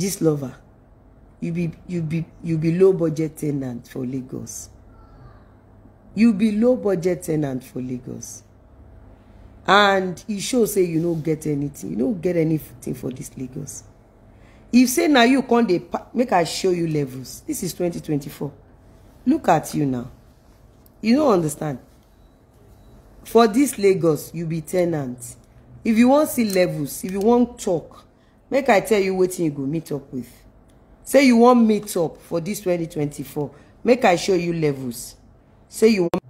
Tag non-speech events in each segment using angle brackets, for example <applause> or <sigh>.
This lover you be you be you be low budget tenant for Lagos you be low budget tenant for Lagos and e show say you no get anything you no get anything for this Lagos if say na you come dey make i show you levels This is 2024 look at you now you no understand for this lagos you be tenant. if you wan see levels if you wan talk make i tell you wetin you go meet up with say you wan meet up for dis 2024 make i show you levels say you wan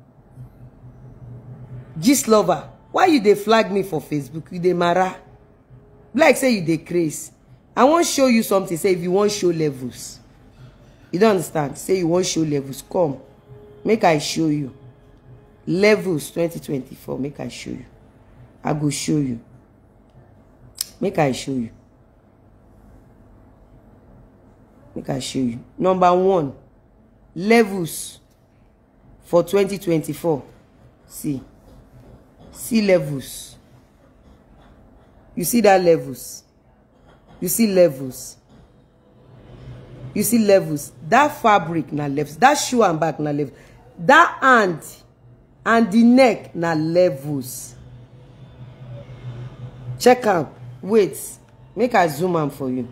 gist lover why you dey flag me for facebook you dey mara like say you dey craze i wan show you something say if you wan show levels you don understand say you wan show levels come make i show you levels 2024 make i show you i go show you make i show you make i show you number one levels for 2024 see see levels you see that levels you see levels you see levels that fabric na levels that shoe and back na levels that hand and the neck na levels check out. wait make i zoom am for you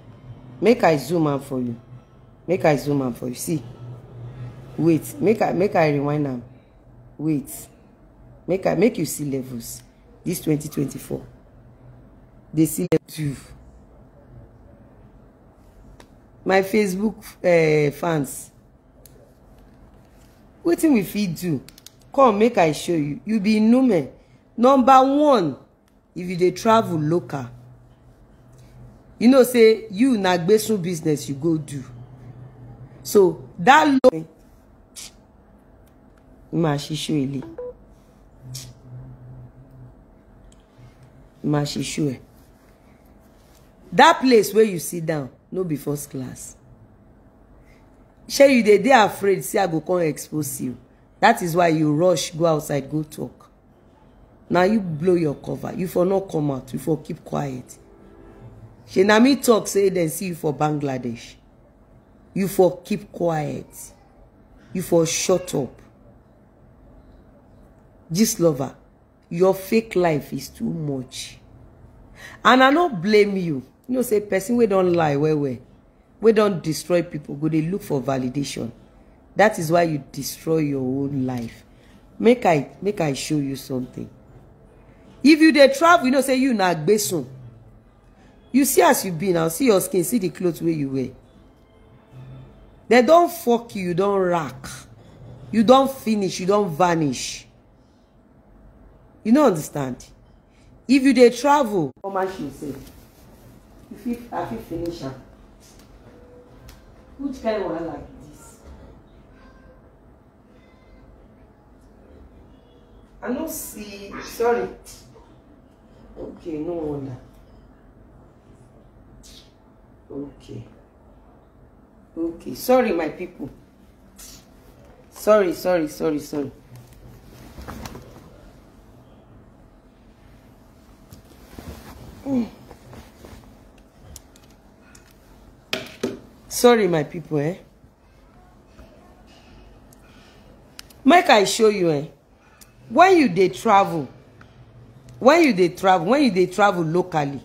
make i zoom am for you make i zoom am for you see wait make i make i rewind am wait make i make you see levels this 2024 They see level my facebook uh, fans wetin we feed do come make i show you you be numen number one if you dey travel local you know say you na gbesun business you go do so that loan máa ṣiṣú ilé that place where you sit down no be first class shey you they dey afraid See i go come expose you that is why you rush go outside go talk Now you blow your cover you for not come out you for keep quiet She na me talk say then see you for bangladesh you for keep quiet you for shut up This lover your fake life is too much and i no blame you you know say person we don't lie well we we don't destroy people go they look for validation that is why you destroy your own life make i make i show you something if you dey travel you know say you na gbesun you see as you be now see your skin see the clothes where you wear They don't fuck you you don't rack you don't finish you don't vanish you don't understand if you they travel how much you "If you fit i fit finish am which kind one like this? i don't see sorry okay no wonder okay okay sorry my people sorry sorry sorry sorry sorry my people eh make i show you eh when you they travel when you they travel when you they travel locally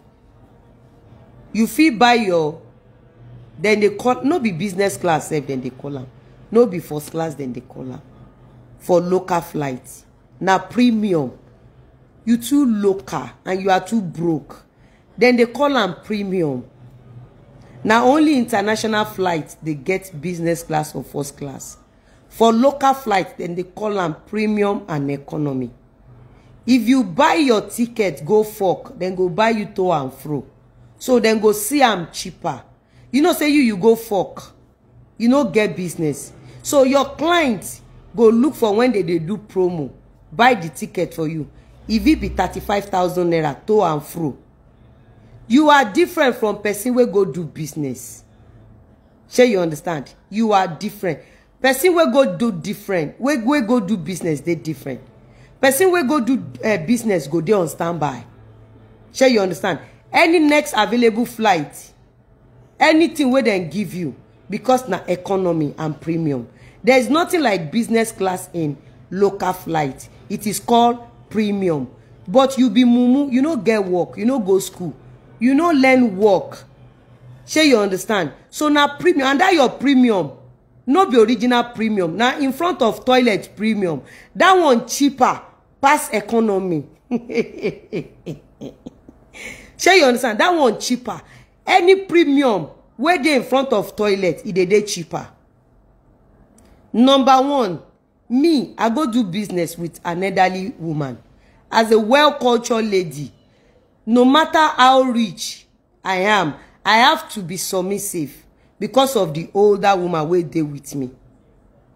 you feel by your Then they call no be business class sef dem dey call them, no be first class Then they call them for local flight Now premium you too local and you are too broke Then they call them premium Now only international flight they get business class or first class for local flight then they call them premium and economy if you buy your ticket go fork Then go buy you to and fro so then go see am cheaper you know say you you go fuck you no get business so your client go look for when they dey do promo buy the ticket for you if it be thirty-five thousand naira to and fro you are different from person wey go do business shey you understand you are different person wey go do different wey wey go do business dey different person wey go do uh, business go dey on standby shey you understand any next available flight anything wey dem give you because na economy and premium there is nothing like business class in local flight it is called premium but you be mumu you no get work you no go school you no learn work shey you understand so na premium and that your premium no be original premium na in front of toilet premium that one cheaper pass economy shey <laughs> you understand that one cheaper any premium wey dey in front of toilet e dey dey cheaper number one me i go do business with an elderly woman as a well-cultured lady no matter how rich i am i have to be submissive because of the older woman wey dey with me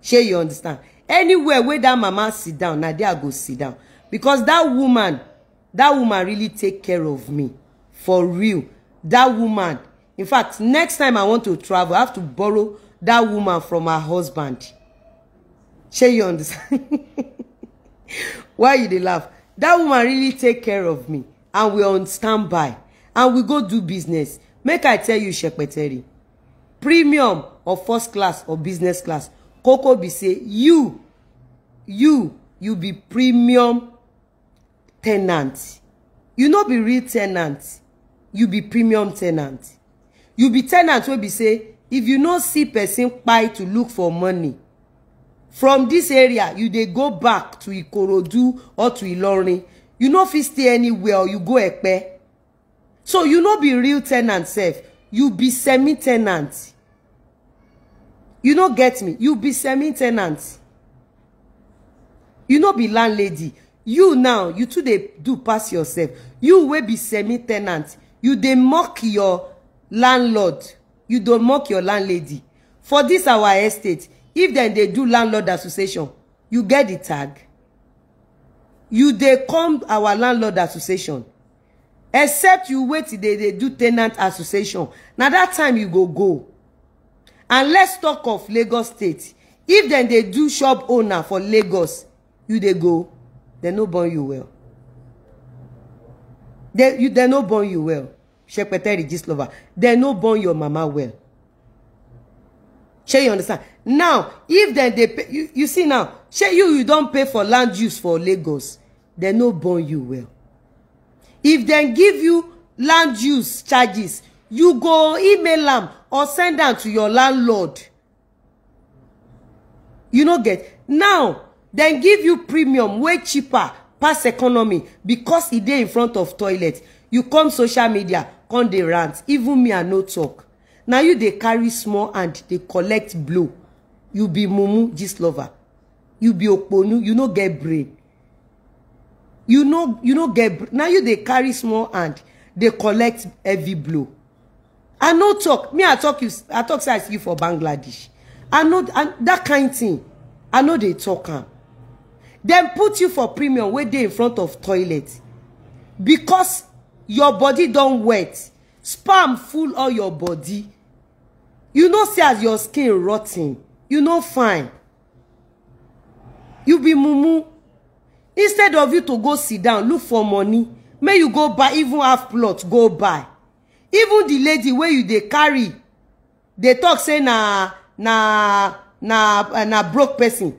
shey you understand anywhere wey that mama sit down na there i go sit down because that woman that woman really take care of me for real that woman in fact next time i want to travel i have to borrow that woman from her husband shey you understand <laughs> why you dey laugh that woman really take care of me and we on standby and we go do business make i tell you shepeteri premium or first class or business class koko be say you you you be premium ten ant you no be real ten ant you be premium tenant. you be tenant ant be say if you no see person kpai to look for money from this area you dey go back to ikorodu or to ilorin you no fit stay anywhere you go Ekpe. so you no be real tenant ant you be semi tenant. you no get me you be semi tenant. you no be landlady you now you too dey do pass yourself you wey be semi tenant you dey mock your landlord you dey mock your landlady for this our estate if dem dey do landlord association you get the tag you dey come our landlord association except you wait till dey do tenant association na that time you go go and let's talk of lagos state if dem dey do shop owner for lagos you dey go dem no born you well They, you, they no born you well. Shepeteri Gislova. They no born your mama well. Shey you understand? Now, if then they pay, you, you see now, shey you, you don't pay for land use for Lagos. They no born you well. If then give you land use charges, you go email them or send am to your landlord. You no get. Now, then give you premium way cheaper pass economy because e dey in front of toilet you come social media come dey rant even me i no talk na you dey carry small hand dey collect blow you be mumu gist lover you be okponu you no get brain you no you no get na you dey carry small hand dey collect heavy blow i no talk me i talk you i talk say i see you for bangladesh i no that kind thing i no dey talk am Then put you for premium wey dey in front of toilet because your body don't wet Sperm full all your body you know see as your skin rotting. you no fine you be mumu instead of you to go sit down look for money May you go buy even half plot go buy even the lady where you they carry they talk say na na na na broke person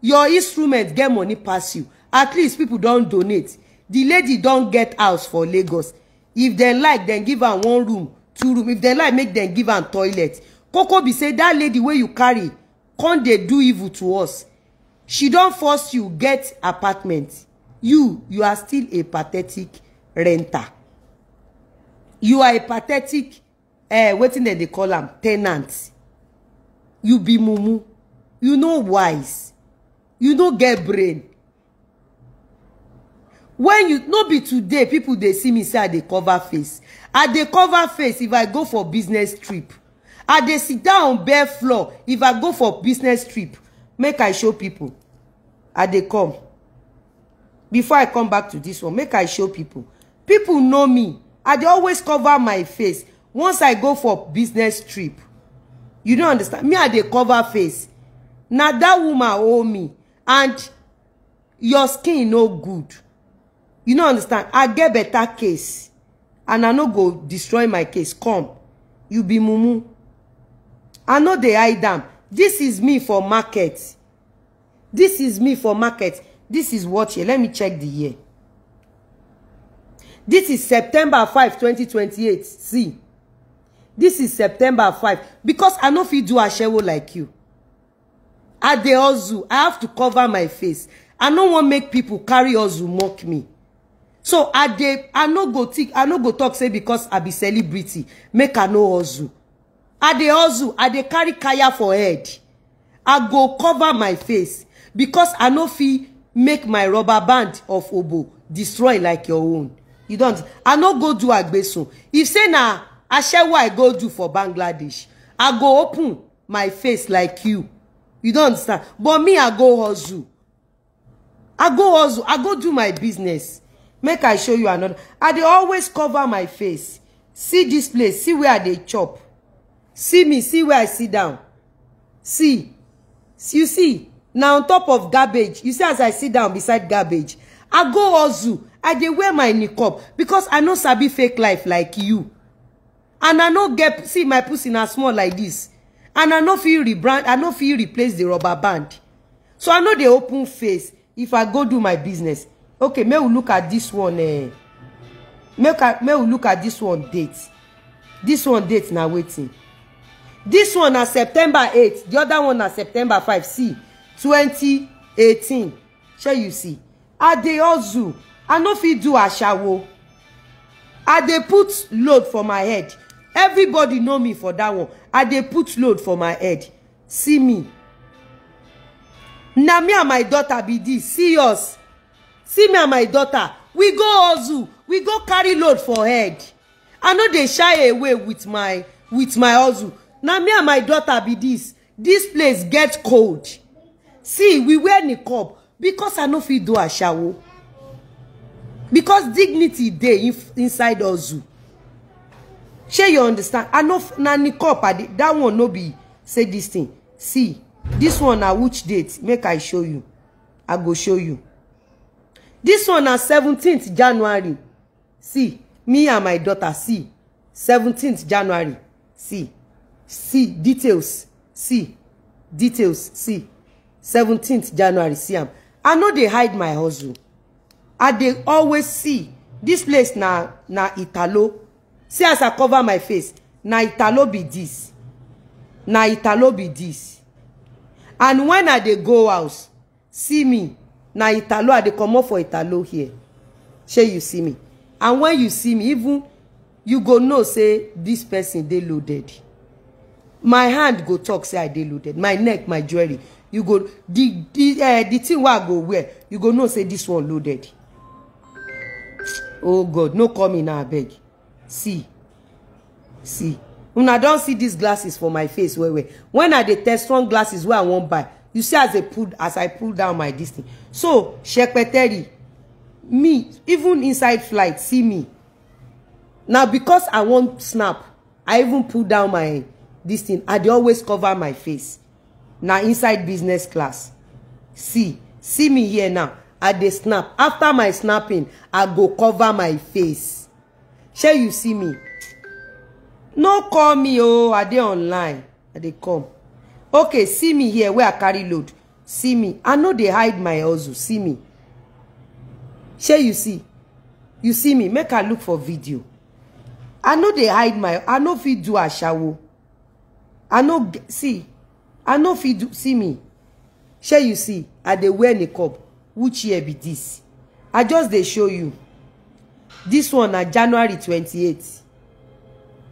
your instrument get money pass you at least people don donate the lady don get house for lagos if dem like dem give am one room two room if dem like make dem give am toilet koko be say dat lady wey you carry come dey do evil to us she don force you get apartment you you are still a pathetic renter you are a pathetic eh wetin dem dey call am ten ant you be mumu you no wise you no get brain when you no be today people dey see me say i dey cover face i dey cover face if i go for business trip i dey sit down bare floor if i go for business trip make i show people i dey come before i come back to this one make i show people people know me i dey always cover my face once i go for business trip you no understand me i dey cover face na that woman owe me and your skin no good you no understand i get better case and i no go destroy my case come you be mumu i no dey hide am this is me for market this is me for market this is what year let me check the year this is september 5 2028 see this is september 5 because i no fit do asewo like you i dey hustle i have to cover my face i no wan make pipo carry hustle mock me so i dey i no go i no go talk say because i be celebrity make i no hustle i dey hustle i dey carry kaya for head i go cover my face because i no fit make my rubber band of obo destroy like your own you don't i no go do agbesun if say na I share what i go do for bangladesh i go open my face like you you don't understand but me i go hustle i go hustle i go do my business make i show you another i dey always cover my face see this place see where they chop see me see where i sit down see you see Now on top of garbage you see as i sit down beside garbage i go hustle i dey wear my niqab because i no sabi fake life like you and i no get see my pussy na small like this and i no fit rebrand i no fit replace the rubber band so i no dey open face if i go do my business okay May we look at this one eh make i make we look at this one date this one date na wetin this one na september 8 the other one na september 5 see 2018 shey you see i dey hustle i no fit do ashawo i dey put load for my head everybody know me for that one i dey put load for my head see me na me and my daughter be this serious see me and my daughter we go hustle we go carry load for head i know they shy away with my with my hustle na me and my daughter be this this place get cold see we wear niqab because i no fit do a shower. because dignity dey inside hustle shey you understand i know na nicole padi that one no be say this thing see this one na which date make i show you i go show you This one na 17th january see me and my daughter see 17th january see see details see details see 17th january see am i know they hide my hustle i They always see this place na na italo see as i cover my face na italo be this, na italo be this. and when i dey go house see me na italo i dey comot for italo here shey you see me and when you see me even you go know say this person dey loaded my hand go talk say i dey loaded my neck my jewelry you go the the uh, the thing wey i go wear you go know say this one loaded oh god no call me now abeg see see una don see these glasses for my face well well When i dey test strong glasses wey i wan buy you see as i pull as i pull down my this thing so shekpeteri me even inside flight see me na because i wan snap i even pull down my this thing i dey always cover my face na inside business class see see me here now i dey snap after my snapping i go cover my face shey you see me no call me oh i dey online i dey come okay see me here where i carry load see me i know they hide my also. see me shey you see you see me make i look for video i know they hide my i no fit do ashawo i know see i no fit do see me shey you see i dey wear a niqab which year be this? i just they show you This one na january twenty 28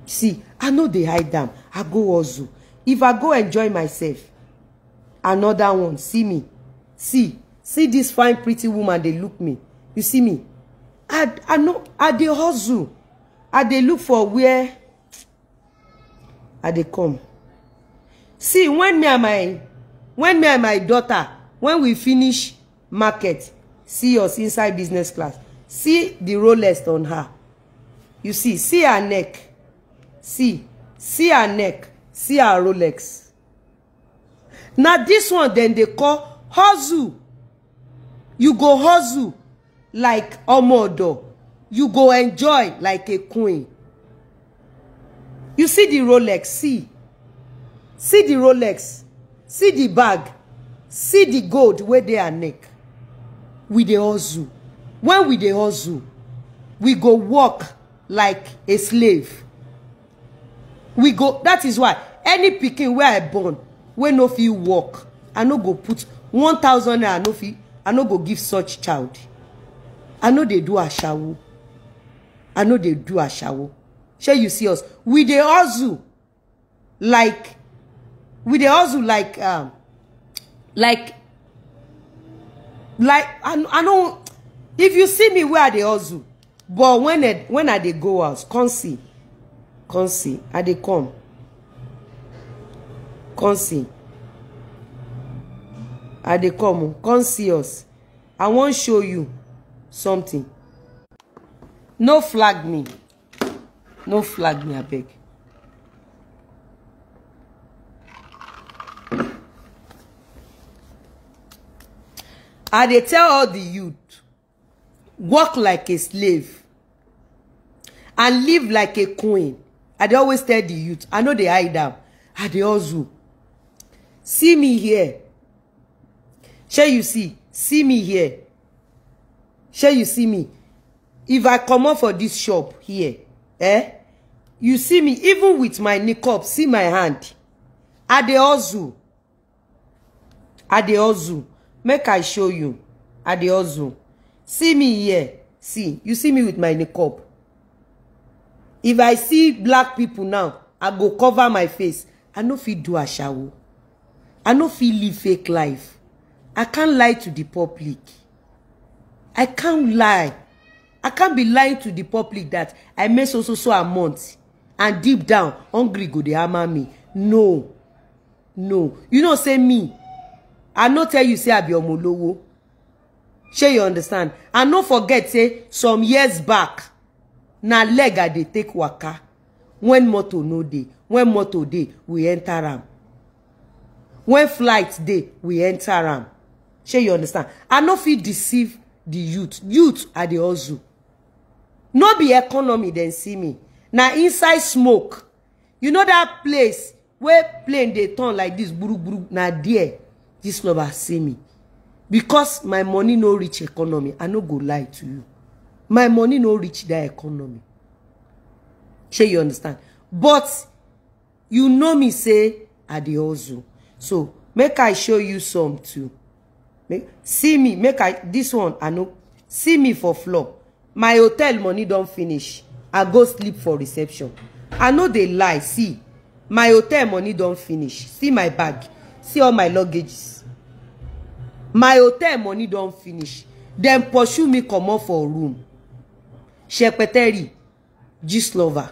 see i no dey hide am i go hustle if i go enjoy myself another one see me see see this fine pretty woman dey look me you see me i i no i dey hustle i dey look for where i dey come see when me and my when me and my daughter when we finish market see us inside business class See the Rolex on her. You see, see her neck. See, see her neck. See her Rolex. Now this one then they call hustle. You go hustle like Omodo. You go enjoy like a queen. You see the Rolex, see. See the Rolex. See the bag. See the gold where they are neck. With the hustle when we dey hustle we go work like a slave we go that is why any pikin wey i born wey no fit work i no go put one thousand naira i no fit i no go give such child i no dey do ashawo i no dey do ashawo shey you see us we dey hustle like we dey hustle like um like like i, I no if you see me where i dey hustle but when i dey go house come see come see i dey come come see i dey come come see us i wan show you something no flag me no flag me abeg i dey tell all the youth work like a slave and live like a queen i dey always tell the youth i no dey hide am i dey hustle see me here shey you see see me here shey you see me if i comot for dis shop here eh you see me even with my niqab see my hand i dey hustle i dey hustle make i show you i dey hustle see me here see you see me with my niqab if i see black people now i go cover my face i no fit do a ashawo i no fit live fake life i can't lie to the public i can't lie i can't be lying to the public that i make so so so a month and deep down hungry go dey hammer me no no you know say me i no tell you say i be ọmọ olówó shey you understand and no forget say some years back na leg i dey take waka When motor no dey when motor dey we enter am wen flight dey we enter am shey you understand i no fit deceive the youth youth i dey hustle no be economy dem see me na inside smoke you know that place wey plane dey turn like this. gburu gburu na there dis lover see me because my money no reach economy i no go lie to you my money no reach that economy shey you understand but you know me say i dey hustle so make i show you some too make see me make i this one i no see me for floor my hotel money don finish i go sleep for reception i no dey lie see my hotel money don finish see my bag see all my luggages my hotel money don finish dem pursue me comot for room shepeteri gist lover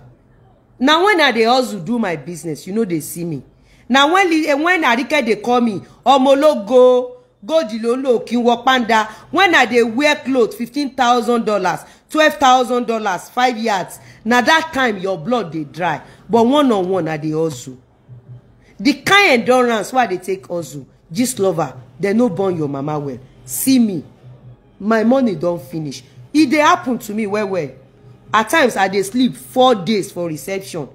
na when i dey hustle do my business you no dey see me na eh, when arike dey call me omologo goji ló ń lò kí n panda when i dey wear cloth fifteen thousand dollars twelve thousand dollars five yards na that time your blood dey dry but one on one i dey hustle the kind endurance wey i dey take hustle gist lover dem no born your mama well see me my money don finish e dey happen to me well well at times i dey sleep four days for reception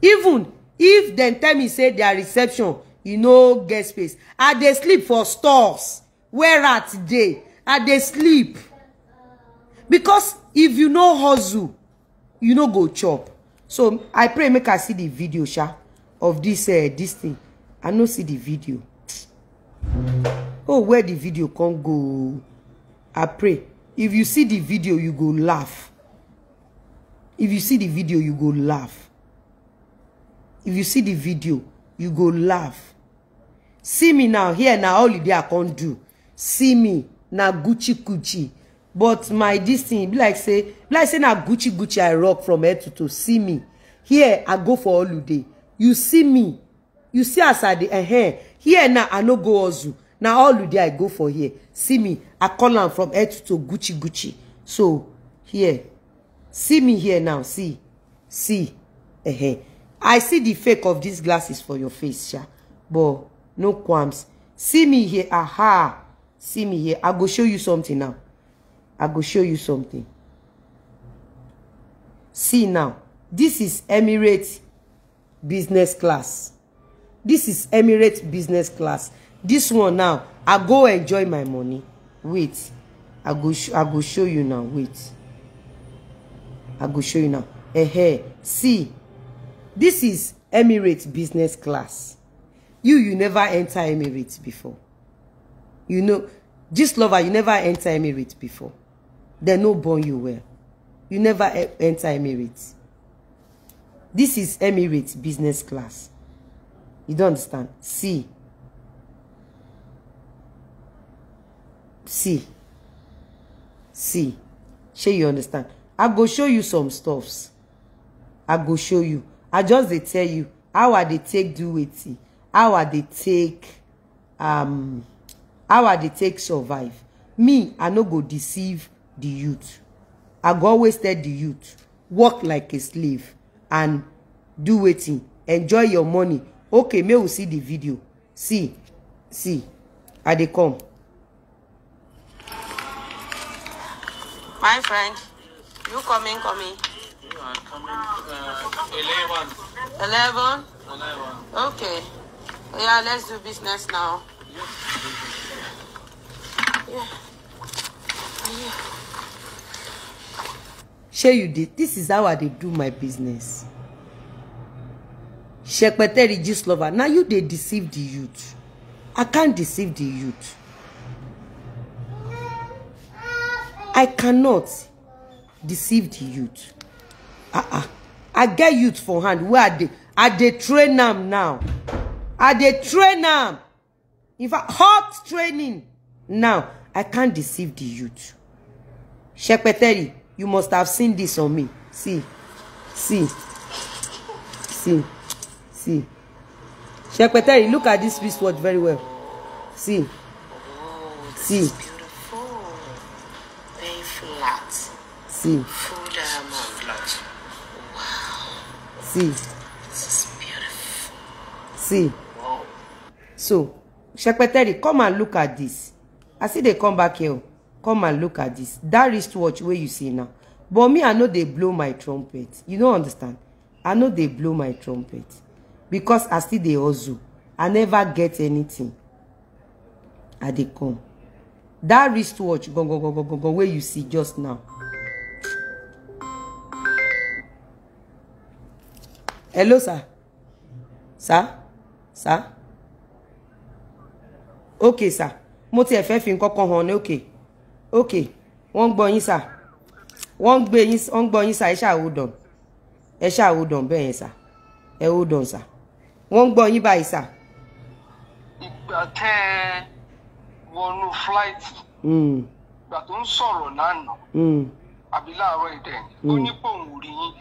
even if dem tell me say their reception e no get space i dey sleep for stores where rat dey i dey sleep because if you no hustle you no go chop so i pray make i see the video sha of this uh, this thing i no see the video oh where the video can go i pray if you see the video you go laugh if you see the video you go laugh if you see the video you go laugh see me now here now all day i come do see me now gucci gucci but my this thing be like say like say now gucci gucci i rock from head to toe see me here i go for all day. you see me you see us at the uh eh, -huh. Eh here now i no go ozu na all the day i go for here see me i call am from head to gucci gucci so here see me here now see see uh -huh. i see the fake of these glasses for your face sha but no qualms see me here aha see me here i go show you something now i go show you something see now this is emirates business class this is Emirates business class this one now I go enjoy my money wait I go I go show you now wait I go show you now eh eh see this is Emirates business class you you never enter Emirates before you know this lover you never enter Emirates before they no born you well you never e-, enter Emirates this is Emirates business class You don't understand? See. See. See. Sure you understand? I go show you some stuffs. I go show you. I just they tell you how are they take do wetin. How are they take um how are they take survive. Me, I no go deceive the youth. I go always tell the youth, work like a slave and do waiting. Enjoy your money okay make we see di video see see i dey come. my friend you coming coming. you coming uh, eleven. eleven. okay yeah let's do business now. Yeah. Yeah. shey you did. this is how i do my business shekpeteri gist lover na you dey deceive the youth i can't deceive the youth i cannot deceive the youth ah ah i get youth for hand wey i dey train am now i dey train am in fact hot training now i can't deceive the youth shekpeteri you must have seen this on me see see see See. Shekpeteri, look at this wristwatch very well. See. Oh, See. Very flat. See. Full diamond. Um, flat. Wow. See. See. So, Shekpeteri, come and look at this. I see they come back here. Come and look at this. That wristwatch where you see now. But me, I know they blow my trumpet. You don't understand. I know they blow my trumpet because i still they hustle i never get anything i they come that wristwatch go go go go go go where you see just now hello sir sir sir okay sir mo tiẹ̀ fẹ́ fi nǹkan kan hàn okay okay One boy gbọ́ sir One boy gbé one boy ń sir ẹ ṣáà hold on ẹ ṣáà hold on bẹ́ẹ̀ sir ẹ hold on sir wọ́n ń gbọ́ yín báyìí sà. ìgbà tẹ́ ẹ wọnú fúláìtì hmm. ìgbà tó ń sọ̀rọ̀ lánàá hmm. àbí láàárọ̀ ìdẹ̀ ó hmm. ní pòun rí yín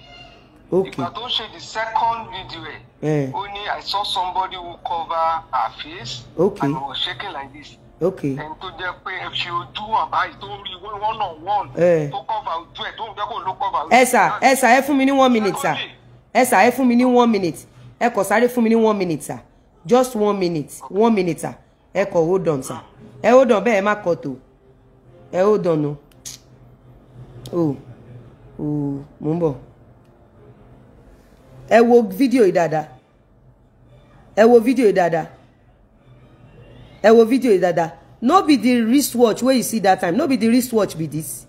ìgbà tó ń ṣe the second video ẹ̀ ó ní I saw somebody who cover her face okay. and was shaking like this okay. ẹni tó jẹ pé ẹ fi ojú hàn báyìí tó rí one on one tó kọ́ba ojú ẹ̀ tó ń jẹ́ kó ló kọ́ba ojú ẹ̀. ẹ sà ẹ sà ẹ fún mi ní one minute sà ẹ sà ẹ fún mi ní one minute ẹ kọ̀ sáré fún mi ní one minute sir just one minute one minute sir ẹ kọ̀ hold on sir ẹ hold on bẹ́ẹ̀ ẹ má kọ̀ tó ẹ hold on o o o mò ń bọ̀ ẹ wo fídíò yìí dáadáa ẹ wo fídíò yìí dáadáa ẹ wo fídíò yìí dáadáa no be the wristwatch wey you see that time no be the wristwatch be this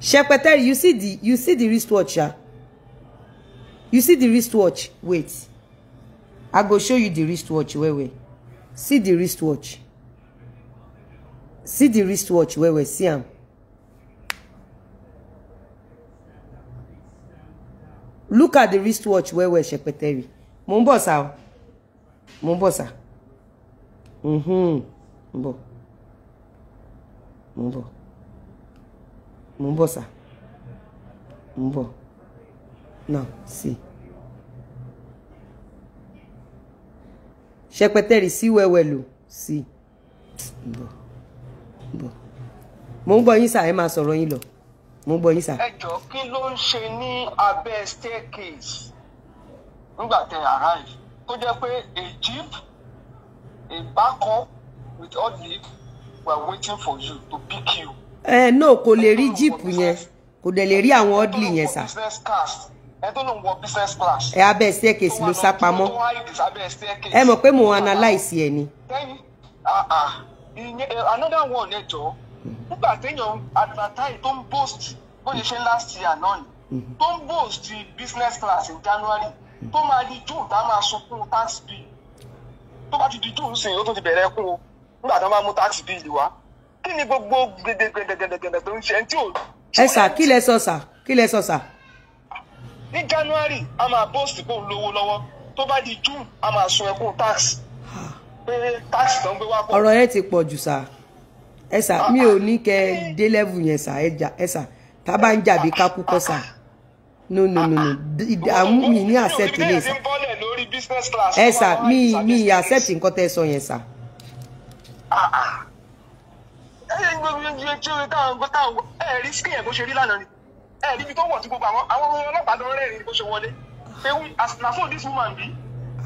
shepeteri you see the you see the wristwatch ah. Yeah? you see the wristwatch wait i go show you the wristwatch well well see the wristwatch see the wristwatch well well see him. look at the wristwatch well well ṣepẹtẹri mo ń bọ̀ sá o mo ń bọ̀ sá mm-hmm. mo ń bọ̀ Now, see. Ṣẹpẹtẹrì sí wẹ́wẹ́lù sí. Bọ̀ bọ̀. Mo ń gbọ́ yín sà, ẹ máa sọ̀rọ̀ yín lọ. Mo ń gbọ́ yín sà. Ẹ jọ kí ló ń ṣe ní staircase nígbà tẹ arrive tó jẹ́ pé a jeep a backup with we are waiting for you to pick you. Eh no, kò lè rí jíìpù yẹn kò dẹ̀ lè rí àwọn ọ́dìlì yẹn sà. business cast ẹ tó lòun wọ business class. ẹ abẹ́ staircase ló sá pamọ́ ẹ mọ̀ pé mo ń analyse ẹ ni. Ah, ah, eh, another one ẹ jọ nígbà téèyàn advertise tó ń boast bó ṣe ṣe last year náà ni mhm. tó ń boast business class in January tó máa di june tá a máa sunkún tax bill tó bá ti di june sìn ó tó ti bẹ̀rẹ̀ kún o nígbà tó máa mú tax bill wá kí ni gbogbo gẹ̀dẹ̀gẹ̀dẹ̀gẹ̀dẹ̀ tó ń ṣe ẹ̀ ń tí ò. ẹ sà kí lẹ sọ sà kí lẹ sọ sà ní January a máa boast pé òun lówó lọ́wọ́ tó bá di June a máa sun ẹkún tax pé tax tó ń gbé wá pọ̀. ọ̀rọ̀ yẹn ti pọ̀ jù sá ẹ sà mi ò ní kẹ́ ẹ dé level yẹn sà ẹ sà tá a bá ń jàbí kákú kọ́ sà no no no no àmú mi ní accept ilé sà ẹ sà mi mi accept nǹkan tẹ́ sọ yẹn sà ẹ̀rí sí ẹ̀kọ́ ṣe rí lánàá ni ẹ níbi tó wọ̀ tí gbogbo àwọn àwọn ọlọ́pàá lọ rẹ́rìn bó ṣe wọlé pé na so this woman be.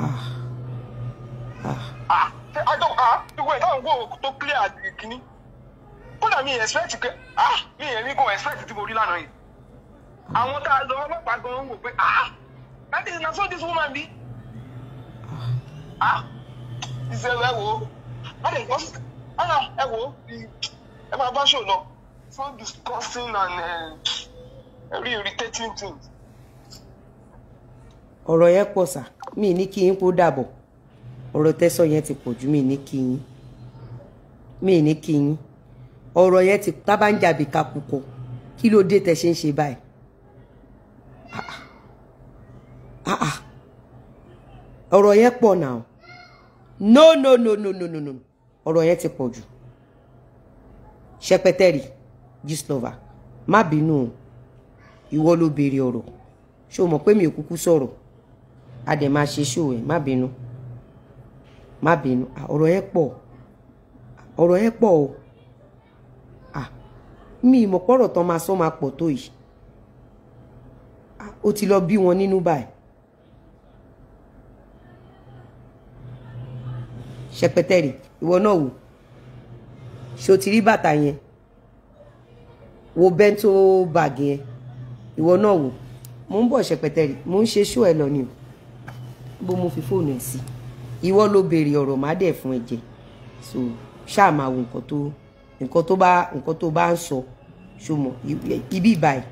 Ah, ah. ah, àjọ ìwé ìtàn wò tó clear kínní kódà mi expect pé ah, mi ẹ̀ ní kò expect tí mo rí lánàá yìí àwọn tá a lọ ọlọ́pàá gan-an wò pé ah, that is na so this woman be. Ah, ẹ̀ wò ó wọ́n lè gbọ́ sí ẹ̀ wò ó ẹ̀ máa bá ṣò lọ so disgusting and. Uh, very irritating things. ọ̀rọ̀ yẹn pọ̀ sà mí ní kí yín kó dàbọ̀ ọ̀rọ̀ tẹ́sọ̀ yẹn ti pọ̀ jù mí ní kí yín mí ní kí yín ọ̀rọ̀ yẹn ti tábà ń jàbí kakùkọ kí ló dé tẹ́ ṣe ń ṣe báyìí. Ah, ah. Ah, ọ̀rọ̀ yẹn pọ̀ náà no no no no no no no ọ̀rọ̀ yẹn ti pọ̀ jù ṣẹpẹtẹ́rì gíslova má bínú o ìwọ ló béèrè ọ̀rọ̀ ṣó mọ̀ pé mi ò kúkú sọ̀rọ̀ a dẹ̀ máa ṣe ṣó ẹ̀ má bínú má bínú ọ̀rọ̀ ẹ pọ̀ ọ̀rọ̀ ẹ pọ̀ o mi ìmọ̀ pọ̀rọ̀ tán máa sọ máa pọ̀ tó yìí ó ti lọ bí wọn nínú báyìí ṣẹpẹtẹrì ìwọ náà wò ṣó ti rí bàtà yẹn wo bẹ́ńtò bàgì yẹn ìwọ náà wò mo ń bọ̀ ṣẹpẹtẹ rí mo ń ṣe ṣó ẹ lọ ni o bó mo fi fóònù ẹ sí ìwọ ló béèrè ọ̀rọ̀ má dẹ̀ fún ẹ jẹ so ṣáà máa wo nǹkan tó nǹkan tó bá nǹkan tó bá ń sọ ṣọmọ ibi ìbàyìí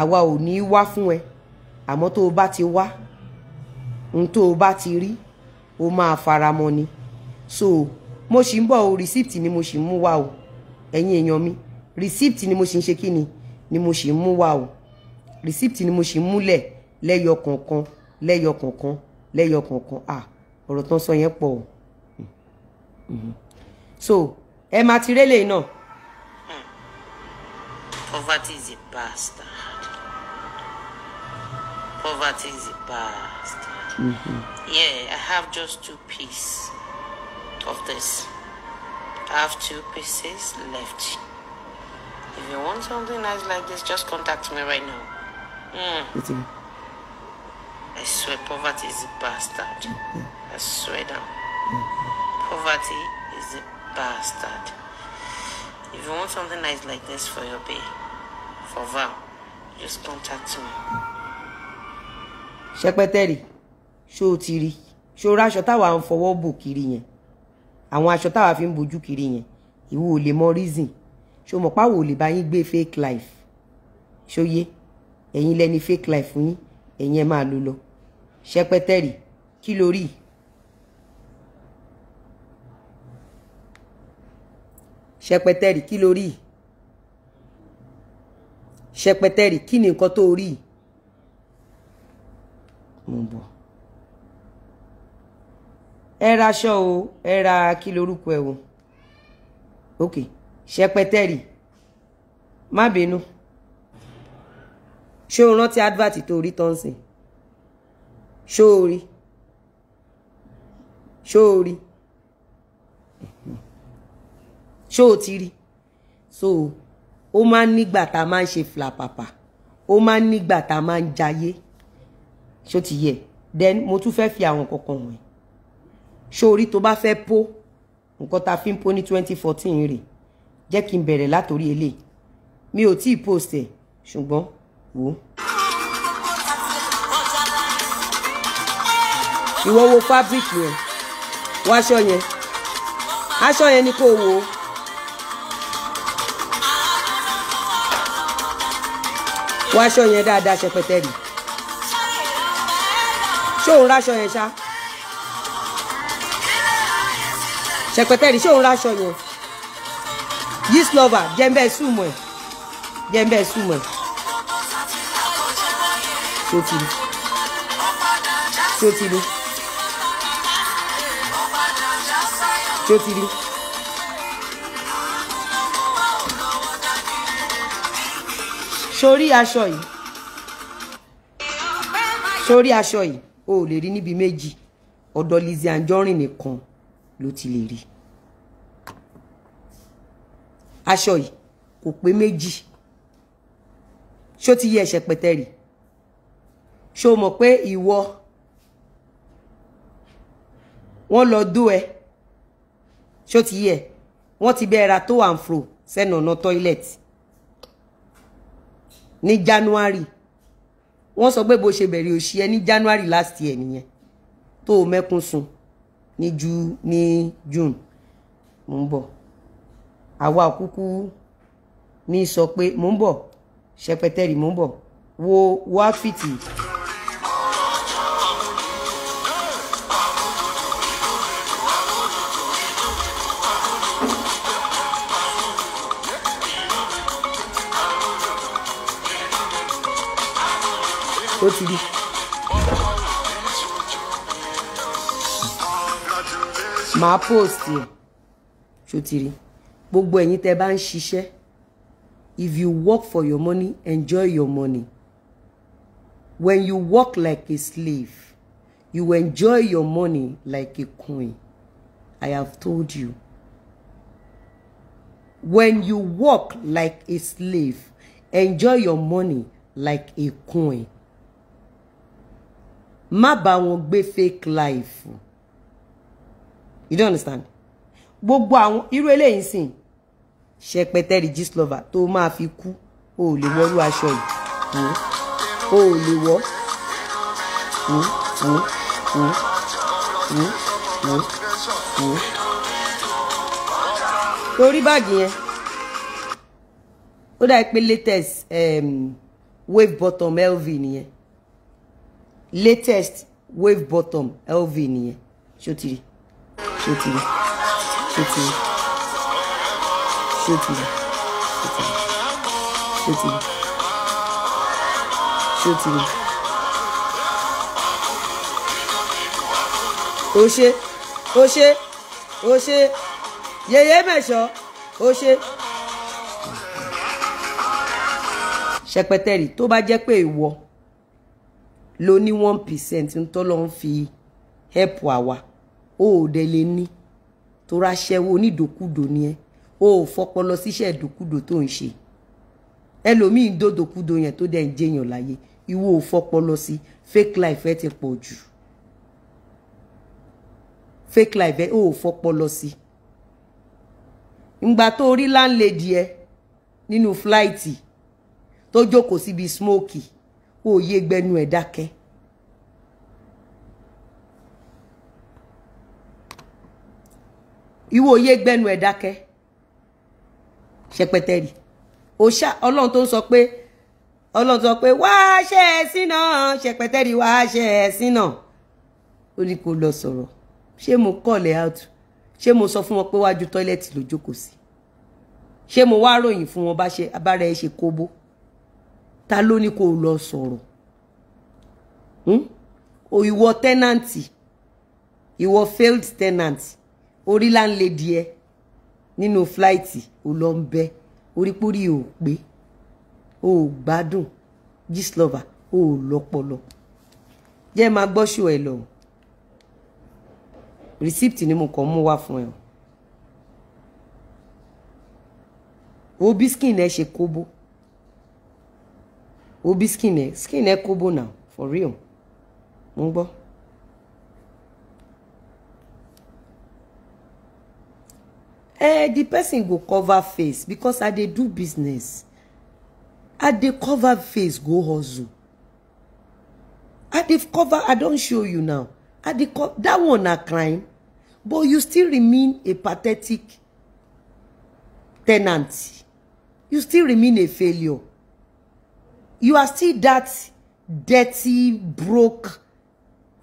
àwa ò ní í wá fún ẹ àmọ́ tó o bá ti wá n tó o bá ti rí o máa fara mọ́ ni so mo sì ń bọ̀ o receipt ni mo sì ń mú wá o ẹ̀yin èèyàn mi receipt ni mo sì ń ṣe kí ni ni mo sì ń mú wá o receipt ni mo sì múlẹ̀ lẹ́yọ kọ̀ọ̀kan lẹ́yọ kọ̀ọ̀kan lẹ́yọ kọ̀ọ̀kan à ọ̀rọ̀ tán sọ yẹn pọ̀ o mm-hmm. so ẹ máa ti rélé náà. Hmm. Poverty is a bastard. Poverty is a bastard. Mm-hmm. Yeah, I have just two pieces of this. I have two pieces left. If you want something nice like this, just contact me right now. Mm. I swear poverty is a bastard. Mm. I swear down. Mm. Poverty is a bastard. If you want something nice like this for your baby, for Val, just contact me. Hmm. Ṣẹpẹtẹrì, ṣó o Show rí? Ṣó o ráṣọ táwa ń fọwọ́ bò kiri yẹn? Àwọn aṣọ táwa fi ń You will be more ò lè mọ reason. Ṣó mọ̀ páwo ò lè bá fake life? Ṣó yé? ẹ̀yin lẹni fake life yín ẹ̀yin ẹ máa lò lọ ṣẹpẹtẹrì kí ló rí ṣẹpẹtẹrì kí ló rí ṣẹpẹtẹrì kí ni nǹkan tó rí mo ẹ ra aṣọ o ẹ ra kí lorúkọ ẹ o ok ṣẹpẹtẹrì má bínú ṣé o rántí advert tó rí tó ń sìn ṣó o rí ṣó o rí ṣó o ti rí so ó máa ń nígbà tá a máa ń ṣe flapapa ó máa ń nígbà tá a máa ń jayé ṣó ti yẹ then mo tún fẹ́ fi àwọn kankan wọ̀nyí ṣó o rí tó bá fẹ́ po nǹkan tá a fi ń po ní twenty fourteen rè jẹ́ kí n bẹ̀rẹ̀ látòrí eléyìí mi ò tí ì post ẹ̀ ṣùgbọ́n kú. ìwọ wo fabric yẹn wo aṣọ yẹn aṣọ yẹn ni kò wò ó. wo aṣọ yẹn dáadáa ṣẹpẹtẹ rì ṣé òun ráṣọ yẹn ṣá ṣẹpẹtẹ rì ṣé òun ráṣọ yẹn yìí lover, jẹ́ ń bẹ́ẹ̀ súnmọ́ ẹ̀ jẹ́ ń bẹ́ẹ̀ súnmọ́ ẹ̀ ṣó ti rí ṣó ti rí ṣó ti rí. sórí aṣọ yìí sórí aṣọ yìí o ò lè rí níbi méjì ọ̀dọ̀ Lizzy Anjorin nìkan ló ti lè rí aṣọ yìí kò pé méjì ṣó ti yẹ ẹ̀ṣẹ̀ pẹ̀tẹ́rì ṣó mọ̀ pé ìwọ wọ́n lọ dó ẹ ṣó ti yẹ wọ́n ti bẹ́ẹ̀ ra tó wà ń fro sẹ́nu ọ̀nà toilet ní January wọ́n sọ pé bó ṣe bẹ̀rẹ̀ òṣì ẹ ní January last year nìyẹn tó o mẹ́kún sùn ní ju ní June mò ń bọ̀ àwa òkúkú mi sọ pé mò ń bọ̀ ṣẹpẹtẹrì mò ń bọ̀ wo wáfìtì ó ti rí. màá post ẹ̀ ṣó ti rí gbogbo ẹ̀yin tẹ́ bá ń ṣiṣẹ́ if you work for your money enjoy your money when you work like a slave you enjoy your money like a coin I have told you when you work like a slave enjoy your money like a coin má bá wọn gbé fake life you don't understand gbogbo àwọn irú eléyìí sìn ṣẹpẹtẹrì gist lover tó máa fi kú o ò lè wọrú aṣọ yìí o ò lè wọ torí báàgì yẹn ó dà pé latest um, wave bottom lv nìyẹn latest wave bottom lv nìyẹn ṣòtìrì ṣòtìrì ṣòtìrì ṣòtìrì ṣòtìrì ṣòtìrì ó ṣe ó ṣe ó ṣe yèyé mẹ̀ṣọ́ ó ṣe. ṣẹpẹtẹrì tó bá jẹ́ pé ìwọ. E ló ní one percent ń tọ́lọ́ ń fi help àwa ó ò dẹ̀ lè ní tó raṣẹ́wó onídòkúdò ni ẹ ó ò fọpọlọ síṣẹ́ ìdòkúdò tó ń ṣe ẹlòmíín dòdòkúdò yẹn tó dẹ̀ ń jẹyàn láyé ìwọ ò fọpọlọ sí fake life ẹ ti pọ̀ jù fake life ẹ ò fọpọlọ sí ìgbà tó rí láńlẹ́dì ẹ nínú fúláìtì tó jókòó síbi smoky. Si kó o yé gbẹnu ẹ̀ dákẹ́. ìwọ yé gbẹnu ẹ̀ dákẹ́ ṣẹpẹtẹrì òṣà ọlọ́run tó ń sọ pé ọlọ́run sọ pé wá ṣe é sínà ṣẹpẹtẹrì wá ṣe é sínà ó ní kó lọ sọ̀rọ̀ ṣé mo kọ̀lẹ̀ out ṣé mo sọ fún wọn pé wájú tọ́ílẹ̀tì ló jókòó sí ṣé mo wá ròyìn fún wọn bá ṣe ẹ ṣe kóbó ta ló ní kó o lọ sọ̀rọ̀ hmm? o ìwọ tẹ́nàntì ìwọ failed tenant orí láńlẹ́dì ẹ nínú fúláìtì ò lọ ń bẹ orípórí ò pé o ò gbádùn gislova o ò lọ́pọlọ jẹ́ máa gbọ́ṣù ẹ lọ receipt ni mo kàn mú wá fún ẹ o biskin ẹ ṣe kóbó. Obi bí skin ẹ skin ẹ kóbó náà for real mo ń eh, the person go cover face because I dey do business. I dey cover face go hustle. I dey cover, I don show you now. I dey cover, that one na crime. But you still remain a pathetic tenant. You still remain a failure you are still that dirty broke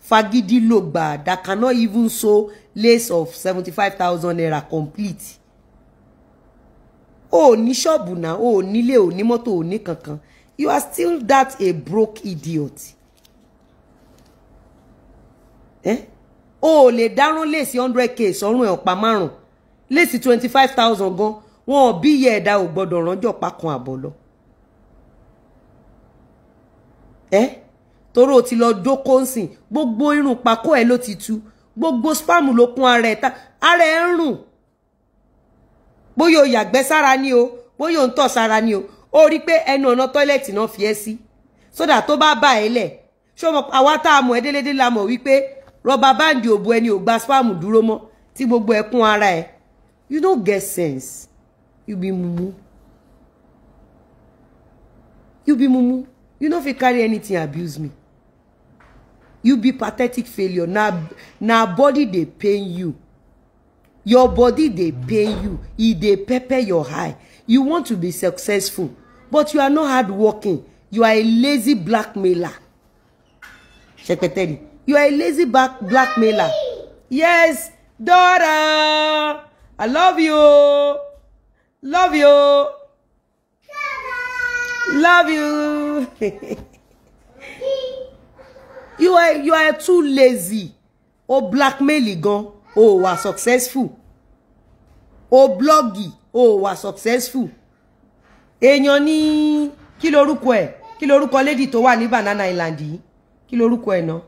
fagidi fagidilogba that cannot even sew lace of seventy-five thousand naira complete o ni ṣọ́ọ̀bù náà o nílé o ní mọ́tò o ní kankan you are still that a broke idiot eh? o lè dáràn lèsì hundred k sọ́rùn ẹ̀ ọ̀pá márùn-ún lèsì twenty-five thousand gan wọn ò bí iye ẹ̀dá ò gbọ́dọ̀ ránjọ́ pa kan àbọ̀ lọ ẹ Toro ti lọ jókòó nsìn gbogbo irun pakó ẹ ló ti tu gbogbo spam ló kún ara ẹ ta ara ẹ ń rùn bóyá o yàgbẹ́ sára ni o bóyá o ń tọ̀ sára ni o ó rí pé ẹnu ọ̀nà tọ́ílẹ̀tì náà fi ẹ́ sí sódà tó bá bà ẹ́ lẹ̀ ṣó àwa tá a mọ̀ ẹ́ délédé la mọ̀ wípé rọba báǹdì òbu ẹni ò gba spam dúró mọ́ tí gbogbo ẹ kún ara ẹ you no get sense you be mumu you be mumu you no fit carry anything abuse me you be pathetic failure Now, now body they pain you your body they pay you e dey pepper your high. you want to be successful but you are not hardworking you are a lazy blackmailer shekpeteri you are a lazy black blackmailer yes daughter. i love you love you Love you. you are you are too lazy. O blackmail gan. O wà successful. O bloggy. O wà successful. Èèyàn ní kí lorúkọ ẹ̀? Kí lorúkọ lady tó wà ní Banana Island yìí? Kí lorúkọ ẹ̀ náà?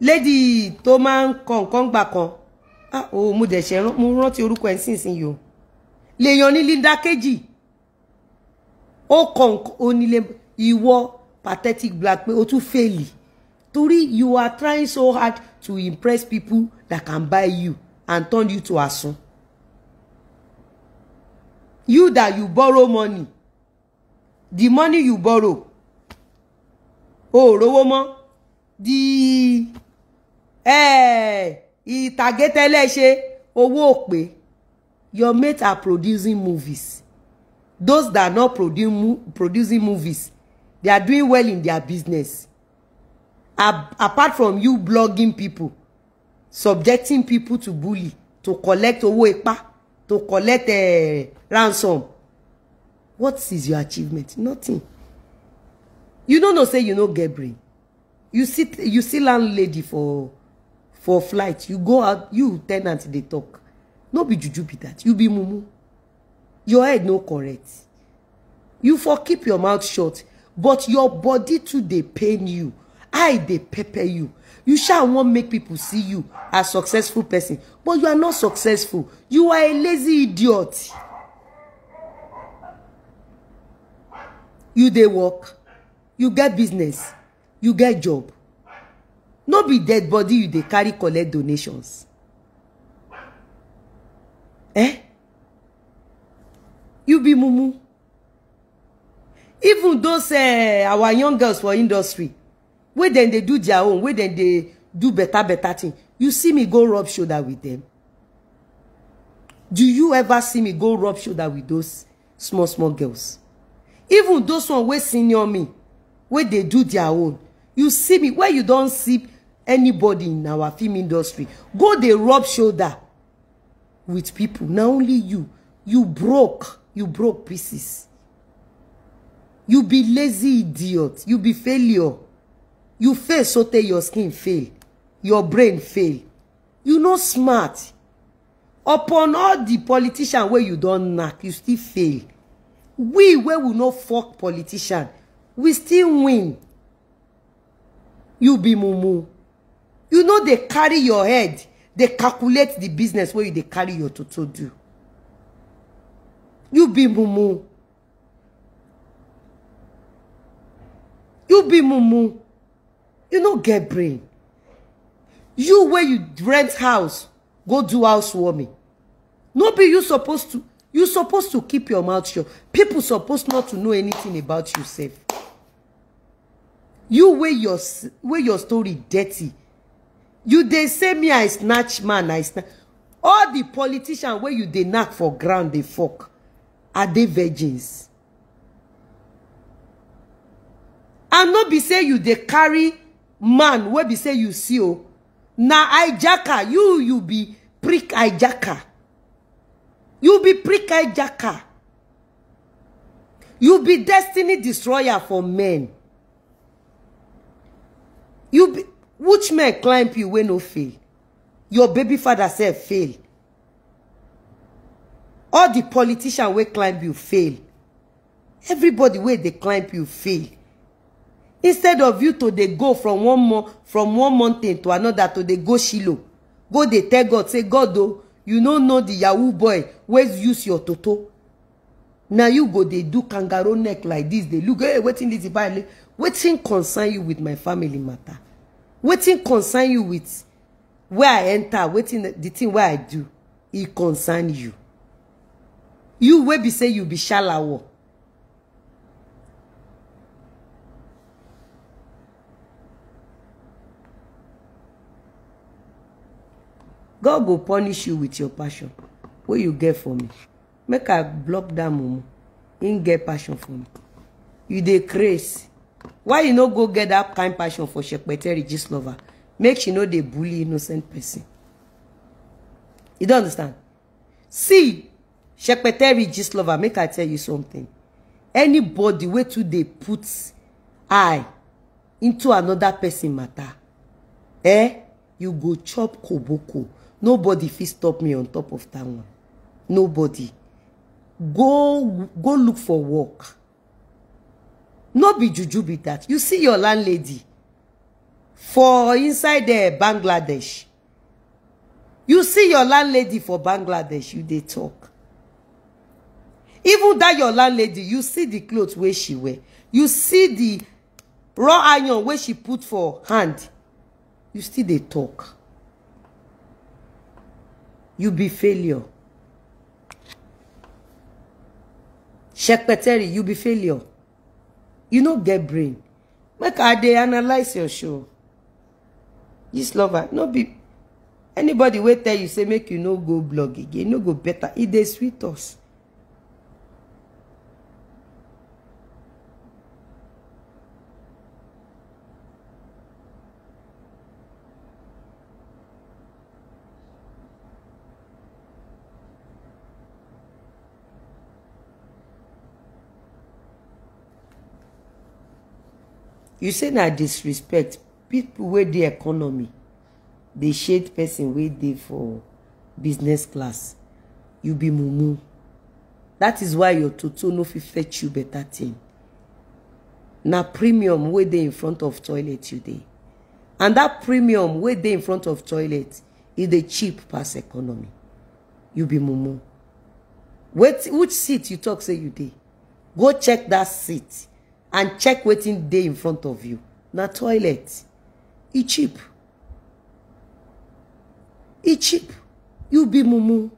Lady tó máa ń kọ nǹkan gbà Ah o mo dẹ̀ ṣe mo rántí orúkọ ẹ̀ nísinsìnyí o. Lèèyàn ní Linda Kejì ó kàn onílé ìwọ pathetic black pé o tún fèlì torí you are trying so hard to impress people that can buy you and turn you to asun you that you borrow money the money you borrow o oh, rówó mọ́ the eh, ìtàgé tẹ́lẹ̀ ṣe owó òpè your mates are producing movies those that are not produ producing movies they are doing well in their business Ab apart from you blogging people subjecting people to bully to collect owó ipa to collect uh, ransom what is your achievement nothing you no know say you no get brain you sit, you see landlady for for flight you go out you ten ant dey talk no be juju be that you be mumu your head no correct you for keep your mouth short, but your body too dey pain you eye dey pepper you you sha wan make people see you as successful person but you are not successful you are a lazy idiot you dey work you get business you get job no be dead body you dey carry collect donations eh you be mumu even those uh, our young girls for industry where then they do their own where then they do better better thing you see me go rub shoulder with them. do you ever see me go rub shoulder with those small small girls even those one where senior me where they do their own you see me where you don't see anybody in our film industry go dey rub shoulder with people Not only you you broke you broke pieces. You be lazy idiot. You be failure. You fail so tey your skin fail. Your brain fail. You no smart. Upon all the politician where you don't knock, you still fail. We where we no fuck politician, we still win. You be mumu. You know they carry your head, They calculate the business where they carry your toto do. You be mumu. You be mumu. You no get brain. You where you rent house, go do housewarming. No be you supposed to you supposed to keep your mouth shut. People supposed not to know anything about yourself. You wear your wear your story dirty. You they say me I snatch man, I snatch. All the politician where you they knock for ground, they fuck are they virgins and no be say you They carry man Where be say you see o na hijacker you you be prick hijacker you be prick hijacker you be destiny destroyer for men you be which man climb you when no fail your baby father sef fail all the politician wey climb you fail everybody where they climb you fail instead of you to they go from one from one mountain to another to they go shilo go they tell god say god o you no know the yahoo boy where's use your toto Now you go they do kangaroo neck like this they look hey wetin dis buy wetin concern you with my family matter Waiting concern you with where i enter waiting the thing where i do it e concern you you wey be say you be shallow god will punish you with your passion What you get for me make i block that mumu him get passion for me you dey crazy. why you no go get that kind passion for shekpeteri just lover make she know they bully innocent person you don't understand see shekpeteri gist lover make i tell you something anybody wey too dey put eye into another person matter eh you go chop koboko nobody fit stop me on top of that one nobody go go look for work no be juju be that you see your landlady for inside the eh, bangladesh you see your landlady for bangladesh you they talk even that your landlady you see the clothes where she wear you see the raw iron where she put for hand you still they talk you be failure shekpeteri you be failure you no get brain make i dey analyze your show This lover no be anybody wey tell you say make you no go blog again no go better e dey sweet us you say na disrespect people wey dey economy dey shade person wey dey for business class you be mumu that is why your toto no fit fetch you better thing na premium wey dey in front of toilet you dey and that premium wey dey in front of toilet e dey cheap pass economy you be mumu Wait, which seat you talk say you dey go check that seat and check wetin dey in front of you na toilet e cheap e cheap you be mumu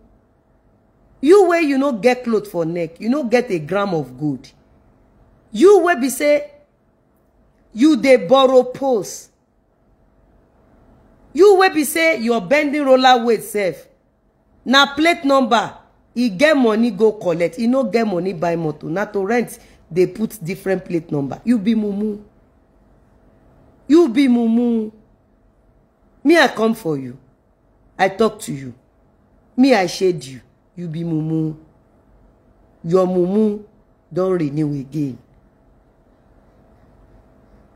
you wey you no get cloth for neck you no get a gram of gold you wey be say you dey borrow pose you wey be say your bending roller weight sef na plate number e get money go collect e no get money buy motor na to rent they put different plate number you be mumu you be mumu me i come for you i talk to you me i shade you you be mumu your mumu don't renew again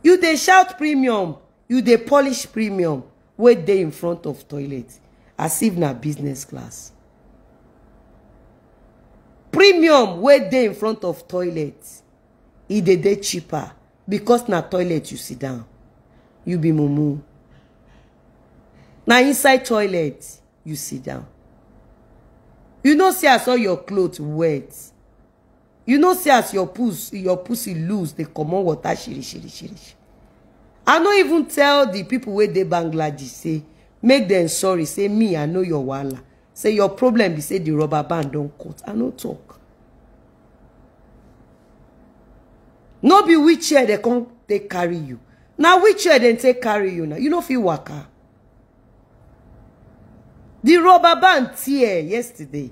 you they shout premium you they polish premium Wait there in front of toilet as if na business class premium wait there in front of toilets e dey dey cheaper because na toilet you sit down you be mumu na inside toilet you sit down you know see as all your clothes wet you know see as your pussy your pussy loose dey comot water shiri shiri shiri i no even tell the people wey dey bangladesh say make dem sorry say me i know your wahala say your problem be say the rubber band don cut i no talk. no be wheelchair they come take carry you na wheelchair they take carry you now you know fit waka The rubber band tear yesterday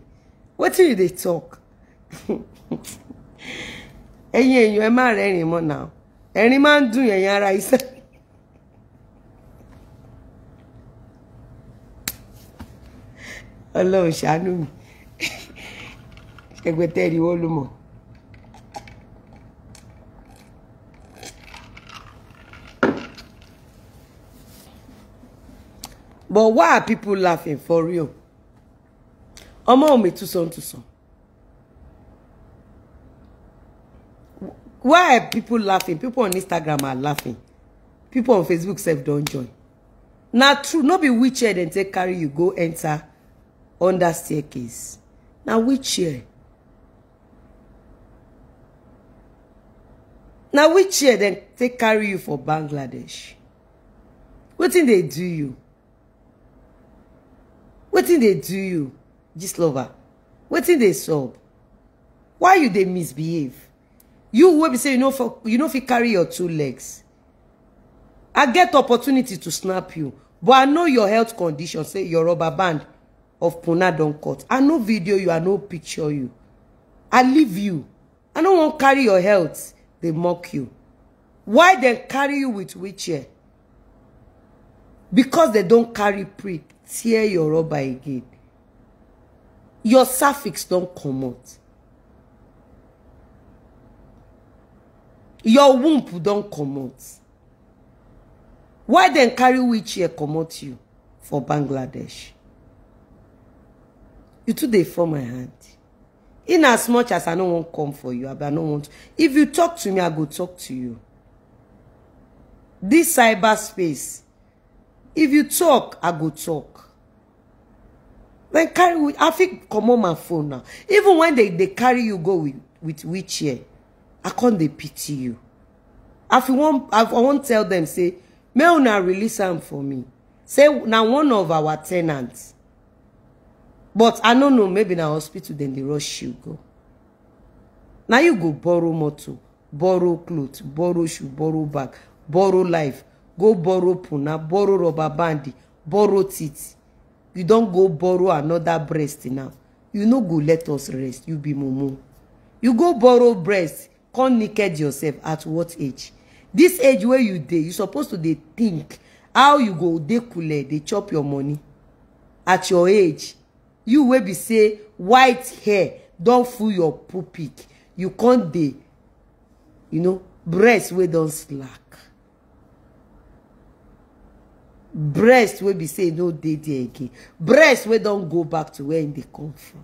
What did they talk <laughs> ẹyin èèyàn ẹ má rẹ́rìn mọ́ náà ẹ̀rín máa ń dùn ẹ̀yin ara iṣẹ́. <laughs> ọlọ́run ṣàánú mi <laughs> ṣẹgbẹ́tẹ́ ìrìwọ́ ló mọ̀. But why are people laughing for real? Ọmọ son tusan son. Why are people laughing? People on Instagram are laughing. People on Facebook sef don't join. Now true, no be wheelchair dem take carry you go enter under staircase. Na wheelchair. Na wheelchair then take carry you for Bangladesh. What did they do you? wetin dey do you dis lover wetin dey sup why you dey misbehave you wey be say you no fit carry your two legs i get opportunity to snap you but i know your health condition say your rubber band of puna don cut i no video you i no picture you i leave you i no wan carry your health dey mock you why dem carry you with wheelchair because dem don carry prick tear your rubber again your suffix don't come out. your womb don't come out. why then carry which year come out you for bangladesh you too dey fall my hand in as much as i no wan come for you i no want if you talk to me i go talk to you This cyberspace if you talk i go talk Then carry with I fit comot my phone now. Even when they, they carry you go with, with which wheelchair, I can't they pity you. I fit want I won't tell them say, may una release am for me. Say now one of our tenants. But I don't know, maybe now hospital then they rush you go. Now you go borrow motor, borrow clothes, borrow shoe, borrow bag, borrow life, go borrow puna, borrow rubber bandy, borrow teeth you don't go borrow another breast now you no go let us rest you be mumu you go borrow breast come naked yourself at what age This age where you day you supposed to they think how you go dey coole They chop your money at your age you wey be say white hair Don't fool your pupic you can't dey you know breast where don't slack breast wey be say no dey there again breast wey don go back to where im dey come from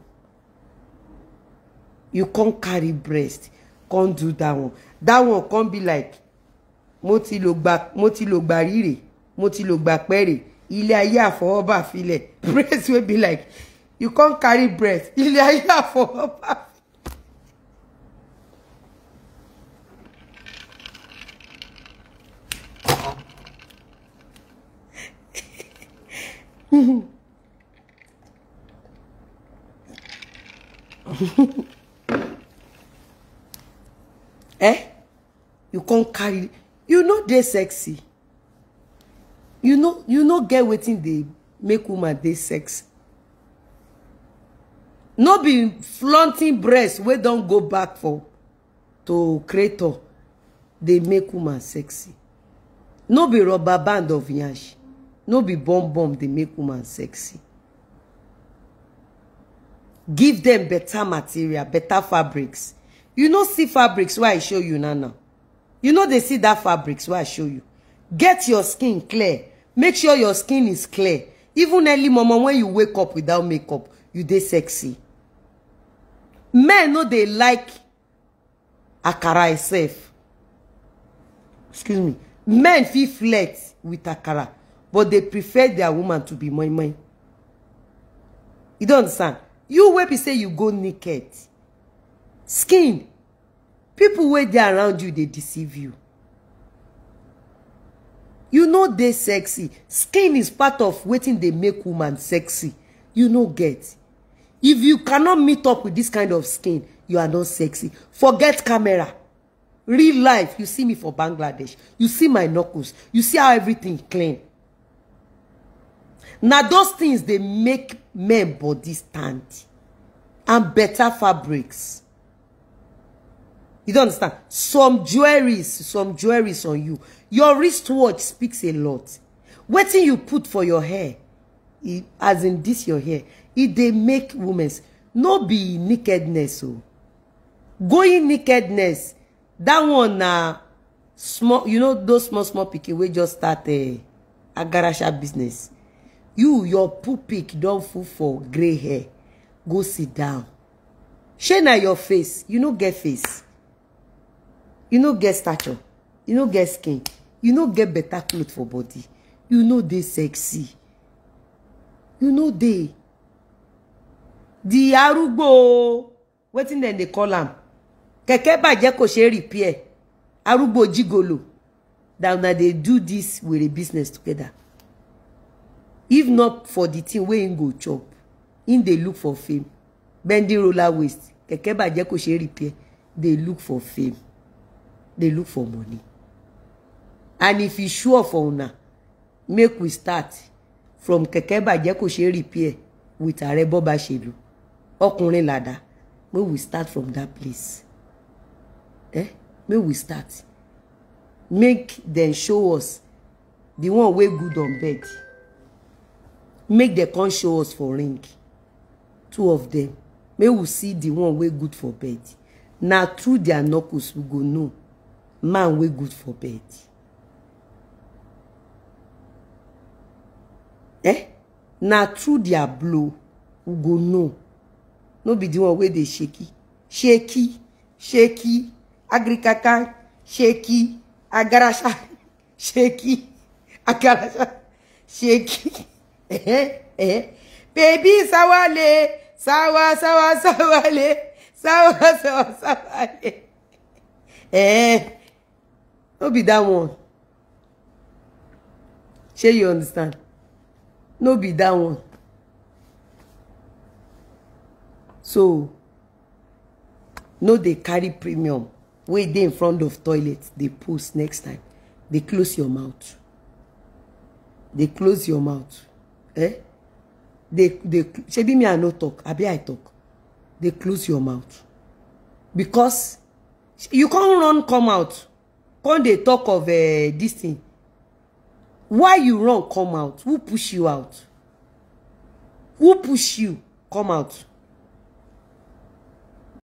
you con carry breast con do that one That one con be like mo ti lò gbà mo ti lò gbà rírè mo ti lò gbà pẹ́rè ilé ayé àfọwọ́bà filẹ̀ <laughs> breast wey be like you con carry breast ilé ayé àfọwọ́bà <laughs> eh? You can't carry. You know they sexy. You know, you know, get waiting they make woman they sex. No be flaunting breasts. We don't go back for to creator. They make woman sexy. No be rubber band of yansh no be bomb bomb They make woman sexy give them better material better fabrics you no see fabrics wey i show you now now you no they see that fabrics wey i show you get your skin clear make sure your skin is clear even early momo when you wake up without makeup you dey sexy men no they like akara itself excuse me men feel flat with akara but they prefer their woman to be moi moi you don't understand you where be say you go naked skin people where they around you they deceive you you know they sexy skin is part of waiting. They make woman sexy you know get if you cannot meet up with this kind of skin you are not sexy forget camera real life you see me for bangladesh you see my knuckles you see how everything clean na those things dey make men body stand and better fabrics you don understand some jewelries some jewelries on you your wristwatch speaks a lot wetin you put for your hair e as in this your hair e dey make women no be nakedness o oh. going nakedness that one na small you know those small small pikin wey just start uh, agarasha business you your pupic don full for grey hair go sit down shey na your face you no get face you no get stature you no get skin you no get better cloth for body you no dey sexy you no dey di arúgbó o wetin dem dey call am kẹ̀kẹ́ bàjẹ́ kò ṣeé repair arúgbó jigolo that una dey do dis wèrè business together if not for the thing wey him go chop him dey look for fame bending roller waist kẹ̀kẹ́ bàjẹ́ kò ṣeé repair dey look for fame dey look for money and if e sure for una make we start from kẹ̀kẹ́ bàjẹ́ kò ṣeé repair with ààrẹ bọ́ba ṣèlú ọkùnrin làdá make we start from that place eh? make we start make dem show us the one wey good on bed make dem come show us for ring two of dem make we see di one wey good for bed na through their knuckles we go know man wey good for bed eh na through their blow we go know no be the one wey dey shaky shaky shaky agrikaka shaky agarasha <laughs> shaky agarasha shaky <laughs> Eh, eh. baby, bèbí sáwálé sáwá sáwá sáwálé sáwá sáwá sáwálé no be that one shey you understand no be that one so no they carry premium Wait there in front of toilet They post next time They close your mouth They close your mouth eh they they shebi me i no talk abi i talk They close your mouth because you con run come out con dey talk of uh, eh, dis thing why you run come out who push you out who push you come out